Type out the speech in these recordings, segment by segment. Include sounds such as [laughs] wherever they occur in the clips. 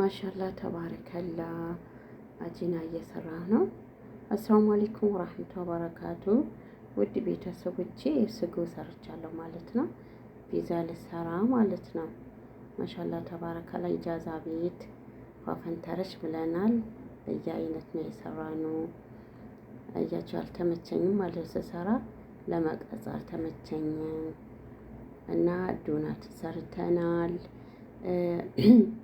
ማሻላ ተባረከላ አጂና እየሰራ ነው። አሰላሙ አለይኩም ወራህመቱ ወበረካቱ። ውድ ቤተሰቦቼ የስጎ ሰርቻለሁ ማለት ነው። ፒዛ ልሰራ ማለት ነው። ማሻላ ተባረከላ ኢጃዛ ቤት ፋፈንተረች ብለናል። በየአይነት ነው የሰራ ነው። እያቸው አልተመቸኝም ማለት ስሰራ ለመቅረጽ አልተመቸኝም እና ዶናት ሰርተናል። [clears throat]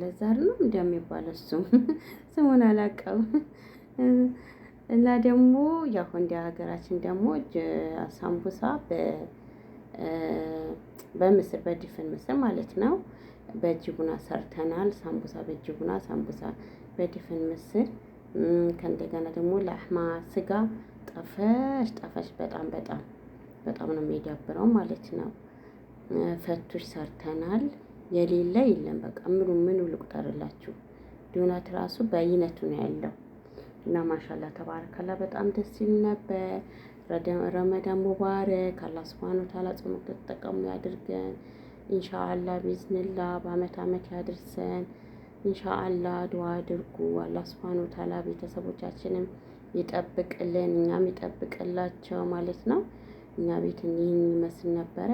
ለዛር ነው እንደሚባል እሱም [laughs] ስሙን አላውቅም። እና ደግሞ ያው እንደ ሀገራችን ደግሞ ሳምቡሳ በምስር በድፍን ምስር ማለት ነው። በእጅጉና ሰርተናል። ሳምቡሳ በእጅጉና፣ ሳምቡሳ በድፍን ምስር ከእንደገና ደግሞ ላህማ ስጋ ጠፈሽ ጠፈሽ በጣም በጣም በጣም ነው የሚዳብረው ማለት ነው። ፈቱሽ ሰርተናል። የሌለ የለም። በቃ ምኑ ምኑ ልቁጠርላችሁ። ዶናት ራሱ በአይነቱ ነው ያለው እና ማሻላ ተባረከላ በጣም ደስ ይል ነበር። ረመዳን ሙባረክ። አላህ ሱብሃነሁ ወተዓላ ጾሙ ተጠቀሙ ያድርገን። ኢንሻአላህ ቢዝንላ በአመት አመት ያድርሰን። ኢንሻአላህ ዱዓ አድርጉ። አላህ ሱብሃነሁ ወተዓላ ቤተሰቦቻችንም ይጠብቅልን፣ እኛም ይጠብቅላቸው ማለት ነው። እኛ ቤት ይህን ይመስል ነበረ።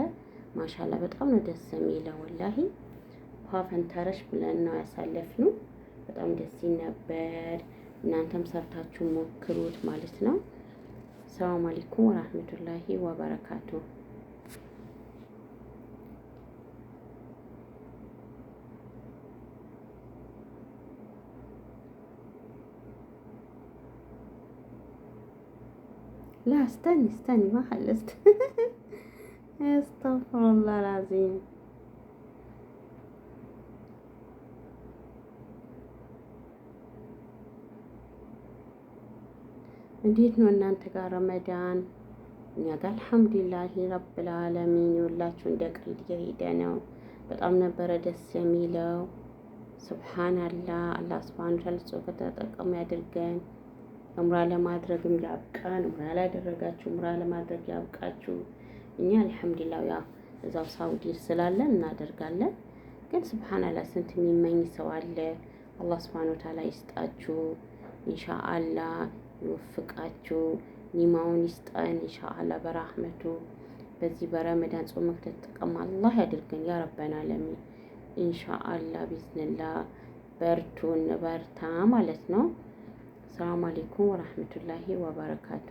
ማሻላ በጣም ነው ደስ የሚለው። ወላሂ ውሃ ፈንታረሽ ብለን ነው ያሳለፍነው። በጣም ደስ ነበር። እናንተም ሰርታችሁ ሞክሩት ማለት ነው። ሰላም አለይኩም ወራህመቱላሂ ወበረካቱ። لا استني استني አስተፍሩላህ ላዚም እንዴት ነው እናንተ ጋር ረመዳን? እኛ ጋር አልሐምዱሊላህ ረብል ዓለሚን ይውላችሁ እንደ ቀልድ እየሄደ ነው። በጣም ነበረ ደስ የሚለው። ስብሓን አላህ ስብሓን ታል ጽሁፍ ያድርገን። እምራ ለማድረግም ያብቃን። እምራ ላደረጋችሁ እምራ ለማድረግ ያብቃችሁ። እኛ አልሐምዱሊላህ ያው እዛው ሳውዲ ስላለን እናደርጋለን። ግን ስብሓንላህ ስንት የሚመኝ ሰው አለ። አላህ ስብሓን ወተዓላ ይስጣችሁ፣ ኢንሻአላህ ይወፍቃችሁ፣ ኒማውን ይስጠን ኢንሻአላህ በራህመቱ። በዚህ በረመዳን ጾም መክተት ጥቅም አላህ ያድርገን ያ ረበና ለሚን ኢንሻአላህ ቢዝንላ በርቱን በርታ ማለት ነው። ሰላም አሌይኩም ወራህመቱላሂ ወበረካቱ